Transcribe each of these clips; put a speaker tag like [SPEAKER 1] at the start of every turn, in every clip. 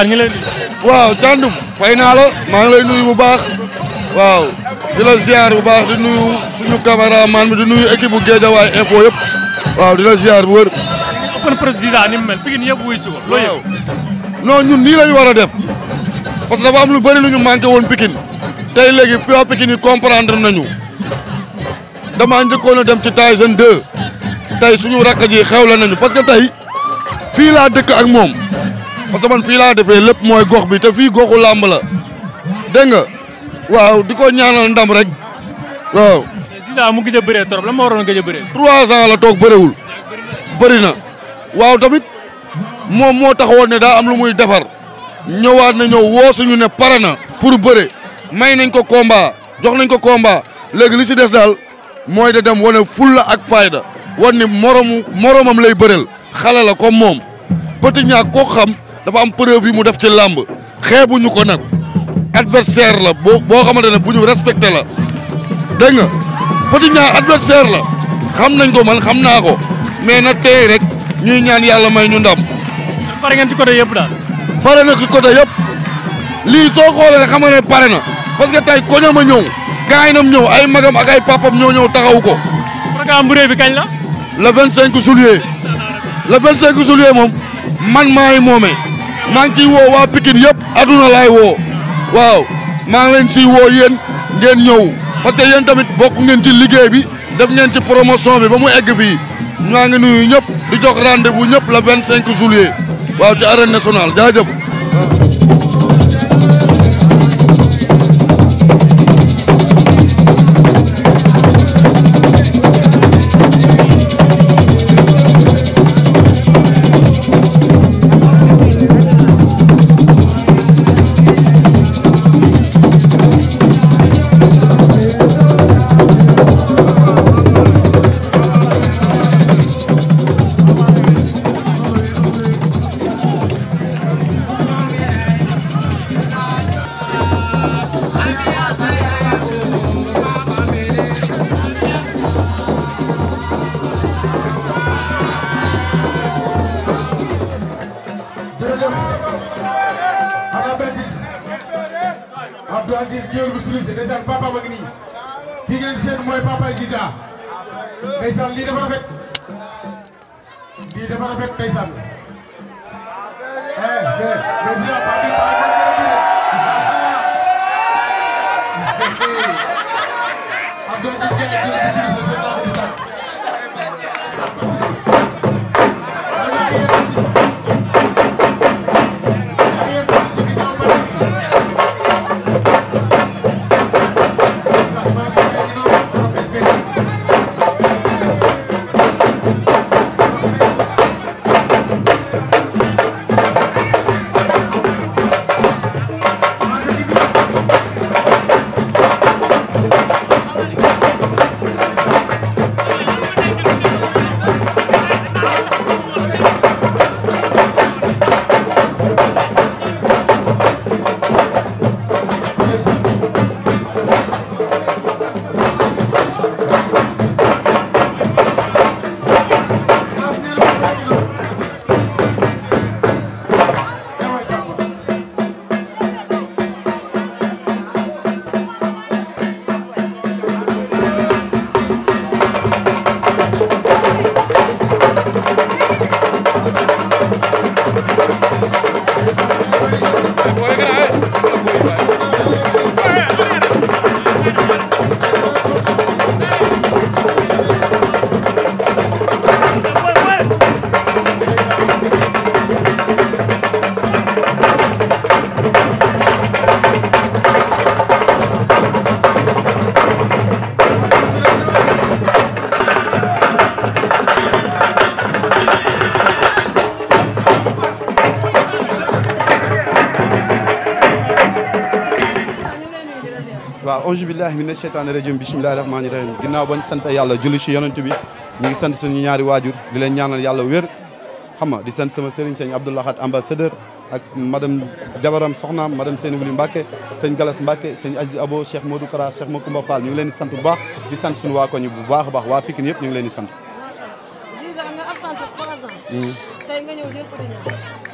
[SPEAKER 1] Makhtar ñu waaw Thiandoum fay naa la maa ngi lay nuyu bu baax waaw di la ziar bu baax di nuyu suñu cameraman bi di nuyu équipe bu Guédiawaye info yëpp waaw di la ziar bu wër kon président ni mu mel Pikine yëpp wuy si ko loo yëg non ñun nii lañu war a def parce que dafa am lu bari lu ñu manqué woon pikin tey léegi waa Pikine yi comprendre nañu damaa njëkkoon a dem ci Tyson 2 tey suñu rakk ji xew la nañu parce que tey fii laa dëkk ak moom parce que man fi la defé lepp moy gox bi té fi goxu lamb la dé nga waw diko ñaanal ndam rek waw Ziza mu gëjë bëré torop la mo moo gëjë bëré 3 ans la toog bëriwul bëri na waaw tamit moom mo taxawone da am lu muy défar ñëwaat na ñëw wo suñu né parana komba, pour bëré may nañ ko combat jox nañ ko combat légui li ci dess dal moy da dem wane fulla ak fayda wan moromu moromam lay bëreel xalé la comme mom Petit ñak ko xam. dafa am preuve yi mu def ci làmb ñu ko nag adversaire la boo boo xamante ne bu ñu respecté la dégg nga Petit Niang adversaire la xam nañ ko man xam naa ko mais na tey rek ñuy ñaan yàlla may ñu ndam. pare ngeen ci côté yëpp daal. pare na côté yëpp lii soo xoolee xam nga ne pare na parce que tey koñam a ñëw gaayinam ñëw ay magam ak ay papam ñoo ñëw taxaw ko. programme bu rëy bi kañ la. le 25 juillet le 25 juillet moom man maay moomee. maa ngi ciy woo waa Pikine yëpp aduna laay woo waaw maa ngi leen ciy woo yéen ngeen ñëw parce que tamit bokk ngeen ci liggéey bi def ngeen ci promotion bi ba mu egg fii maa ngi nuyu ñëpp di jox rendez-vous ñëpp la le 25 juillet waaw ci arène nationale jaajëf.
[SPEAKER 2] Aziz Gueye bu solution ndeysaan papa ba ngi nii ki ngeen seen papa Giza, ndeysaan lii dafa rafet lii dafa rafet ndeysaan. eh eh mais Ziza papa bi papa bi la gën a gën a. Aziz Gueye ak Gueye auzu billahi mina sheytaani rajim bismillahi rahmaani rahim ginnaaw bañ sant yàlla julli ci yonent bi ñu ngi sant suñu ñaari waajur di leen ñaanal yàlla wér xam nga di sant sama sëriñ sëñ Abdoulahat ambassadeur ak madame jabaram soxnaam madame Seyni Wuli Mbacke sëñ Galas Mbacke sëñ Aziz Abo Cheikh Modou Kara Cheikh Makumba Fall ñu ngi leen di sant bu baax di sant suñu waa koñ bu baax a baax waa Pikine yëpp ñu ngi leen di
[SPEAKER 1] tey nga ñëw jël petit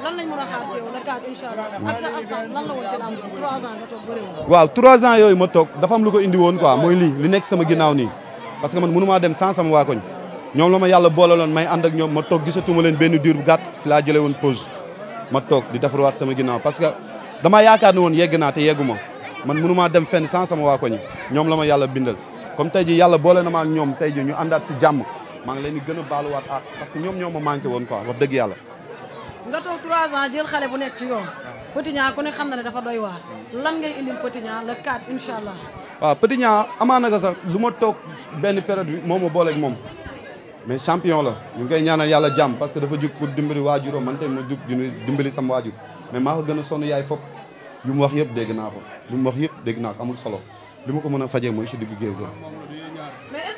[SPEAKER 2] lan lañ mën a xaar ci yow la kaat incha allah ak sa absence lan la woon ci lamb trois ans nga toog bëri woon waaw trois ans yooyu ma toog dafa am lu ko indi woon quoi mooy lii li nekk sama ginnaaw nii parce que man mënu maa dem sans sama waa koñ ñoom la ma yàlla boolaloon may ànd ak ñoom ma toog gisatuma leen benn diir bu gàtt si laa jëlee woon pause ma toog di defarwaat sama ginnaaw parce que dama yaakaar ne woon yegg naa te yeggu ma man mënu maa dem fenn sans sama waa koñ ñoom la ma yàlla bindal comme tey ji yàlla boole na maa ñoom tey ji ñu àndaat si jàmm maa ngi leen di gën a baaluwaat ak ah parce que ñoom ñoo ma manqué woon quoi wax dëgg yàlla. nga toog 3 ans jël xale bu nekk ci yoon. Petit Niang ku xam na ne dafa doy waar. lan ngay indil Petit Niang le 4 incha allah. waaw Petit sax lu ma toog benn période bi moo ma booleeg moom. mais champion la ñu ngi koy yàlla jàmm parce que dafa jug pour dimbali waajuram man ma jug dimbali sam waajur mais maa ko gën a sonn yaay fopp lu mu wax yëpp dégg naa ko lu mu wax yëpp dégg naa amul solo li ma ko mën a fajee mooy si diggu géew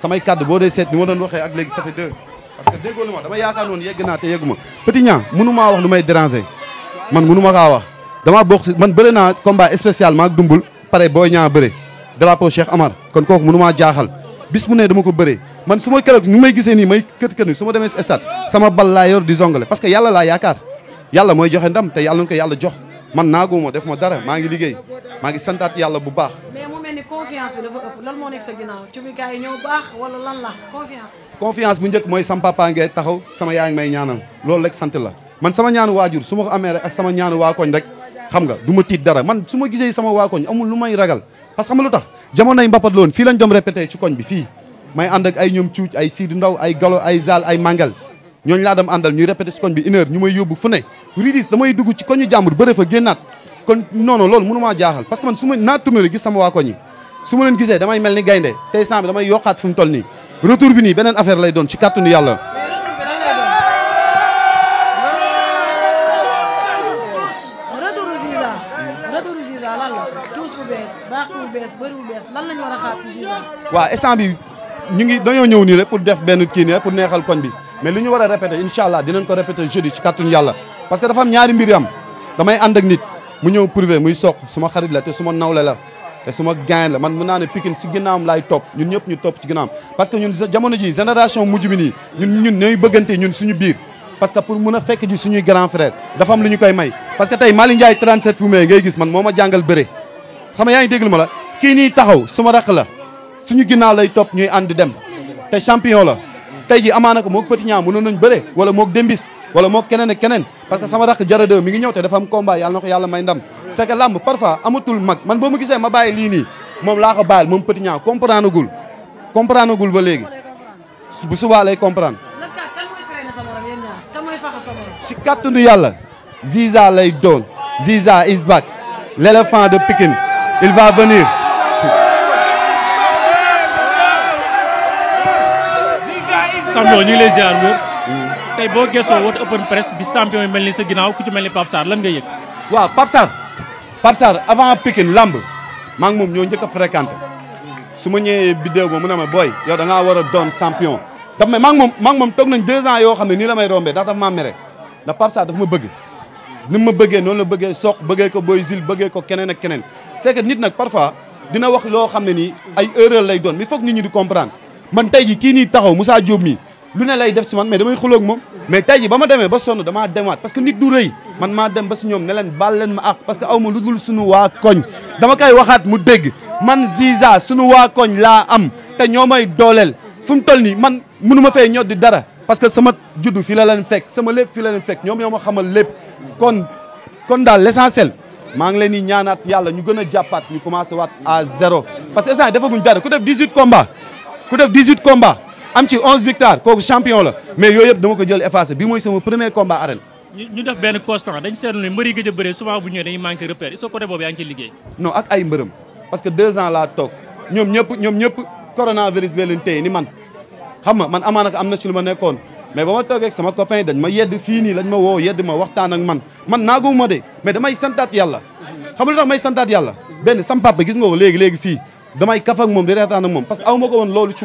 [SPEAKER 2] samay kàddu boo dee seet ni ma doon waxee ak léegi ça fait deux parce
[SPEAKER 1] que déggoo ma dama
[SPEAKER 2] yaakaar noonu yegg naa te yegguma Petit Niang mënu maa wax lu may déranger man mënu ma kaa wax damaa bokk si man bëri naa combat spécial maag dumbul pare booy ñaa bëre drapeau Cheikh Amar kon kooku mënu maa jaaxal bis mu ne dama ko bëre man su ma keroog ñu may gisee nii may kët kët ni su demee si stade sama bal laa yor di zongale parce que yàlla laa yaakaar yàlla mooy joxe ndam te yàlla na yàlla jox man naaguma def ma dara maa ngi liggéey maa ngi santaat yàlla bu baax confiance bi dafa ëpp lan moo nekk sa ginnaaw ci wala lan la confiance bu njëkk mooy sama papa taxaw sama yaa ngi may ñaanal loolu rek sant la man sama ñaanu waajur su ma ko amee rek ak sama ñaanu waa koñ rek xam nga du ma tiit dara man su ma gisee sama waa koñ amul lu may ragal parce que xam nga lu tax jamonoy mbapat loon fii lañ doon répété ci koñ bi fii may ànd ak ay ñoom cuuc ay siidu ndaw ay galo ay zaal ay màngal ñooñu laa dem àndal ñuy répété ci koñ bi une ñu may yóbbu fu ne ridis damay dugg ci koñu jàmbur bëre fa génnaat kon non non loolu mënu maa jaaxal parce que su ma naa tourné gis sama waa koñ su ma leen gisee damay mel ni gaynde tey sant bi damay yokkaat fu mu toll nii retour bi nii beneen affaire lay doon ci kàttanu
[SPEAKER 1] yàlla. tuus bu bees baax bu bees bëri bees lan la ñu war a xaar ci Ziza.
[SPEAKER 2] waaw bi ñu ngi dañoo ñëw nii rek pour def benn kii nii rek neexal koñ bi mais li ñu war a répété incha allah dinañ ko répété jeudi ci kàttanu yàlla parce que dafa am ñaari mbir am damay ànd ak nit mu ñëw prouvé muy soq suma xarit la te suma nawle la. te suma gain la man mën naa ne Pikine ci ginnaawam laay topp ñun ñëpp ñu topp ci ginnaawam parce que ñun jamono ji génération mujj bi nii ñun ñun ñooy bëggante ñun suñu biir parce que pour mën a fekk ji suñuy grand frère dafa lu ñu koy may parce que tey Malick Ndiaye 37 ngay gis man moo ma jàngal bëre xam nga yaa la kii nii taxaw suma raq la suñu ginnaaw lay topp ñuy ànd dem te champion la tey ji amaana moog Petit Niang mënoon nañ bëre wa moog Dembis wala moo keneen ak keneen parce que sama rakk Jara mi ngi ñëw te dafa am combat yàlla na ko yàlla may ndam c'est que làmb parfois amatul mag man boo ma gisee ma bàyyi lii nii moom laa ko bàyyil moom petit ñaaw comprendre agul comprendre agul ba léegi bu subaa lay comprendre si kàttanu yàlla Ziza lay doon Ziza is back de Pikine il va venir
[SPEAKER 1] Samno ñu ngi lay ziar tey boo gëstoo woote open press ni sa ginnaaw ni Pape Sarr lan
[SPEAKER 2] nga avant Pikine lamb maa moom ñoo njëkk a fréquenté su ma ñëwee bidéo ma mu ne ma booy yow da ngaa war a doon champion. daf may maa ngi moom maa ngi moom nañ deux ans yoo xam ne nii la may rombee ndax daf maa mere ndax Pape Sarr ma bëgg ni ma bëggee noonu la bëggee soq bëggee ko Boy Zil bëggee ko keneen ak keneen c'est que nit nag parfois dina wax loo xam ne nii ay erreur lay doon mi faut que ñu di comprendre man tey ji kii nii taxaw Moussa Diop mii lu ne lay def si man mais damay xuloog moom mais tey ji ba ma demee ba sonn damaa demaat parce que nit du rëy man maa dem ba si ñoom ne leen baal leen ma àq parce que aw ma lu dul suñu waa koñ dama koy waxaat mu dégg man Ziza suñu waa koñ laa am te ñoo may dooleel fu mu toll nii man mënu ma fee di dara parce que sama juddu fi la leen fekk sama lépp fi la leen fekk ñoom ñoo ma xamal lépp kon kon daal l'essentiel maa ngi leen di ñaanaat yàlla ñu gën a jàppaat ñu commencé waat à zéro parce que instant dafa guñ dara ku def 18 combats ku def 18 combats am 11 victoires champion mais je dama ko jël premier combat arène.
[SPEAKER 1] constant a souvent bu ñëwee dañuy manqué repère repères. que côté
[SPEAKER 2] non ak parce que deux ans Nous, nous, eu ñëpp ñëpp coronavirus sais, ni man xam nga man mais ba ma avec sama copain dañ ma yedd Je lañ ma yedd ma waxtaan ak man man Mais de mais damay xam lu tax may Ben, papa gis nga ko eu damay parce que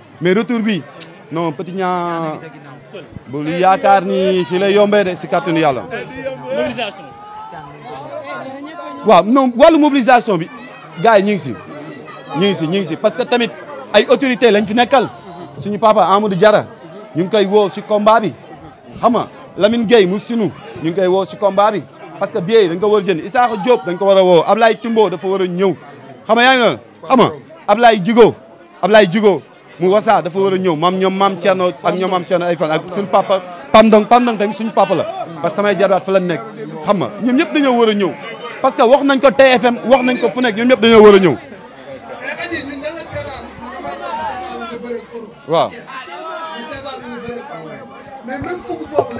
[SPEAKER 2] mais retour bi non Petit Niang bul yakar ni de si kàttanu yàlla. mobilisation. waaw non wàllu mobilisation bi gars ngi si ngi ngi parce que tamit ay autorité lañ fi nekkal suñu papa Amadou Diarra ñu koy si combat bi xam nga Lamine Gueye mu combat parce que billets dañ ko war a jënd Diop dañ ko war a mu wasaa dafa war a ñëw maam ñoom maam Thierno ak ñoom maam Thierno ay fan ak suñu papa Pam Ndong Pam Ndong tamit suñu papa la parce que samay jarbaat fa la nekk xam nga ñoom ñëpp dañoo war a ñëw parce que wax nañ ko TFM wax nañ ko fu nekk ñoom ñëpp dañoo war a ñëw waaw mais même fukk boobu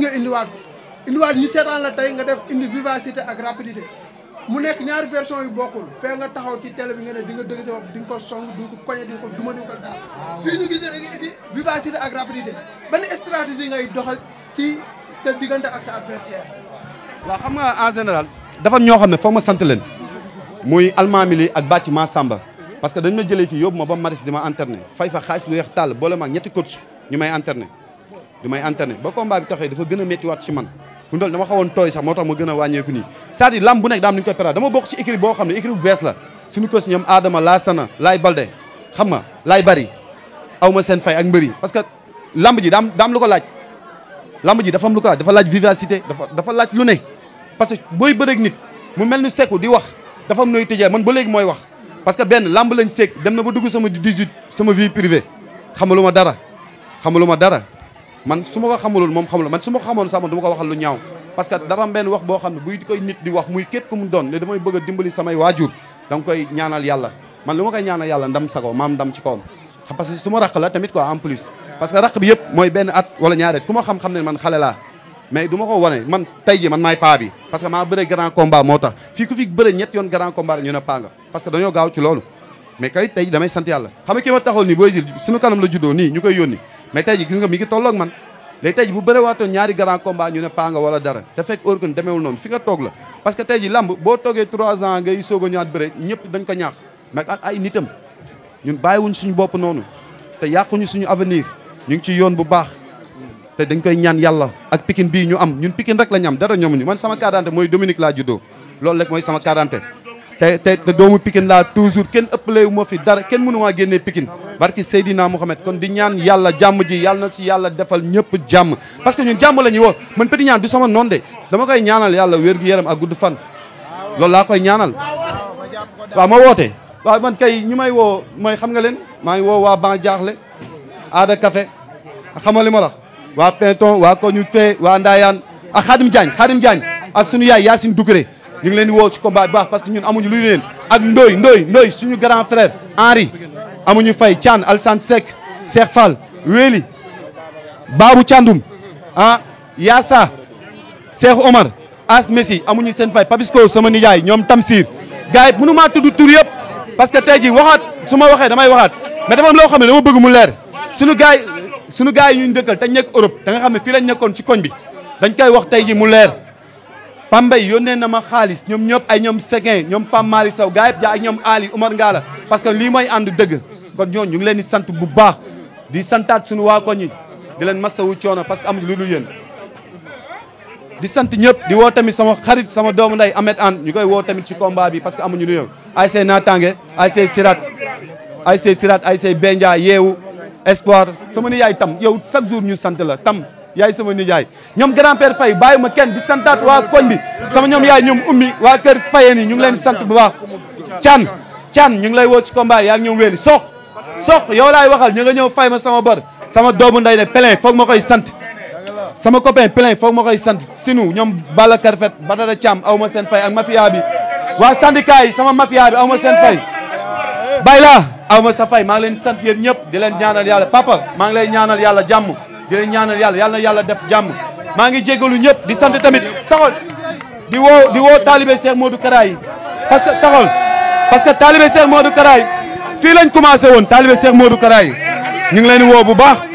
[SPEAKER 1] nga indiwaat indiwaat ñu seetaan la tey nga def indi vivacité ak rapidité mu nekk ñaari version yu bokkul fee nga taxaw ci télé bi nga ne nga dëgg sa bopp di nga ko song di ko koñe di nga ko duma di nga ko daal fii ñu gis ne vivacité ak rapidité ban stratégie ngay doxal ci sa diggante
[SPEAKER 2] ak sa adversaire waaw xam nga en général dafa ñoo xam ne foog ma sant leen muy almaamili ak bàcc ma samba parce que dañ ma jële fii yóbbu ma ba maris di ma interné fay fa xaalis lu weex tàll boole ma ak ñetti coach ñu may interné di may interné ba combat bi taxee dafa gën a méttiwaat ci man Koundal dama xawoon tooy sax moo tax ma gën a wàññeeku nii c'est-à-dire lamb bu nekk daam ni ñu koy préparé dama bokk ci équipe boo xam ne équipe bu bees la suñu coach ñoom Adama laa sana laay balde xam nga laay bari aw ma seen fay ak mbëri parce que lamb ji daam daam lu ko laaj lamb ji dafa am lu ko laaj dafa laaj vivacité dafa dafa laaj lu ne parce que booy bëreeg nit mu mel ni sekku di wax dafa am nooy tëjee man ba léegi mooy wax parce que benn lamb lañ sekk dem na ba dugg sama 18 sama vie privée xamalu ma dara xamalu ma dara man suma ko xamulul mom xamul man suma ko xamone sax man du ben ko waxal lu ñaaw parce que dafa am ben wax bo xamne buy koy nit di wax muy kep kum doon ne damay bëgg dimbali samay wajur dang koy ñaanal yalla man luma koy ñaanal yalla ndam sago mam maam ndam ci kawam parce que suma rak la tamit quoi en plus parce que rak bi yep moy ben at wala ñaaret kuma xam xamne man xalé la mais duma ko wane man tey ji man may pa bi parce que ma bëre grand combat moo tax fii ku fi bëre ñet yon grand combat ñu na paa nga parce que dañoo gaaw ci lolu mais kay tey damay sante yalla xam nga kima taxol ni boy jil suñu kanam la juddo ni ñukay yoni mais tey ji gis nga mi ngi tolloog man léegi tey bu bëre waatoon ñaari grand combat ñu ne paa nga wala dara te fekk organe demeewul noonu fi nga toog la parce que tey ji lamb boo toogee trois ans ngay soog a ñëwaat bëre ñëpp dañ ko ñaax mais ak ay nitam ñun bàyyiwuñ suñu bopp noonu te yàquñu suñu avenir ñu ngi ci yoon bu baax te dañ koy ñaan yàlla ak pikin bii ñu am ñun pikin rek la ñu am dara ñoomuñu man sama quarante mooy Dominique laa juddoo lool rek mooy sama quarante te te doomu pikin laa toujours kenn ëppalee moo fi dara kenn mënu maa génnee pikin barki Seydina Mohamed kon di ñaan yàlla jàmm ji yàlla na ci yàlla defal ñëpp jàmm parce que ñun jàmm la ñuy woo man Petit Niang du sama noon de dama koy ñaanal yàlla wér gu a ak gudd fan loolu laa koy ñaanal waaw ma woote waa man kay ñi may woo mooy xam nga leen maa ngi woo waa ban jaaxle aada café xamal li ma la waa Pinton waa koñu fee waa Ndaayaan ak Xaadim Diagne Xaadim Diagne ak suñu yaay Yacine Doucouré ñu ngi leen di woo ci combat bu baax parce que ñun amuñu luy leen ak Ndoy Ndoy Ndoy suñu grand amuñu fay caan Alsane Seck Cheikh Fall Wéli Babou Thiandoum ah Yassa Cheikh Omar As Messi amuñu seen fay Papisco sama nijaay ñoom Tamsir gars yi mënu maa tudd tur yëpp parce que tey jii waxaat su ma waxee damay waxaat mais dafa am loo xam ne dama bëgg mu leer suñu gars sunu suñu gars yi ñu dëkkal te ñu nekk Europe da nga xam ne fii lañ nekkoon ci koñ bi dañ koy wax tey jii mu leer. Pambay yónnee na ma xaalis ñoom ñëpp ay ñoom Seguin ñoom Pam Malick saw gaa yëpp jaa ak ñoom Ali Umar Ngala parce que lii mooy ànd dëgg kon ñooñu ñu ngi leen di sant bu baax di santaat suñu waa koñ yi di leen masawu coono parce que amuñu lu dul yéen di sant ñëpp di woo tamit sama xarit sama doomu nday Ahmed An ñu koy woo tamit ci combat bi parce que amuñu lu yéen ay say naataange ay say sirat ay say sirat ay say yeewu espoir sama ni yaay tam yow chaque jour ñu sant la tam yaay sama nijaay ñoom grand fay Faye ma kenn di santaat waa koñ bi sama ñoom yaay ñoom ummi waa kër Faye ni ñu ngi leen sant bu baax can can ñu ngi lay woo ci combat yaa ngi ñoom weeli soq soq yow laay waxal ñu ñëw fay ma sama bor sama doomu nday ne plein foog ma koy sant sama copain plein foog ma koy sant sinu ñoom Balla Karfet Badara Thiam aw ma seen fay ak mafia bi waa syndicat yi sama mafia bi aw ma seen fay bay laa aw ma sa fay maa ngi leen sant yéen ñëpp di leen ñaanal yàlla papa maa ngi lay ñaanal yàlla jàmm di ñaana yàlla yàlla yàlla def jàmm maa ngi jégalu ñëpp di sant tamit taxol di woo di woo taalibe Cheikh Modou Kara yi parce que taxol parce que taalibe Cheikh Modou fii lañ commencé woon taalibe Cheikh Modou Kara yi ñu ngi leen di woo bu baax